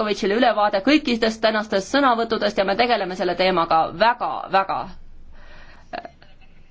Šefkovitšile ülevaade kõikidest tänastest sõnavõttudest ja me tegeleme selle teemaga väga-väga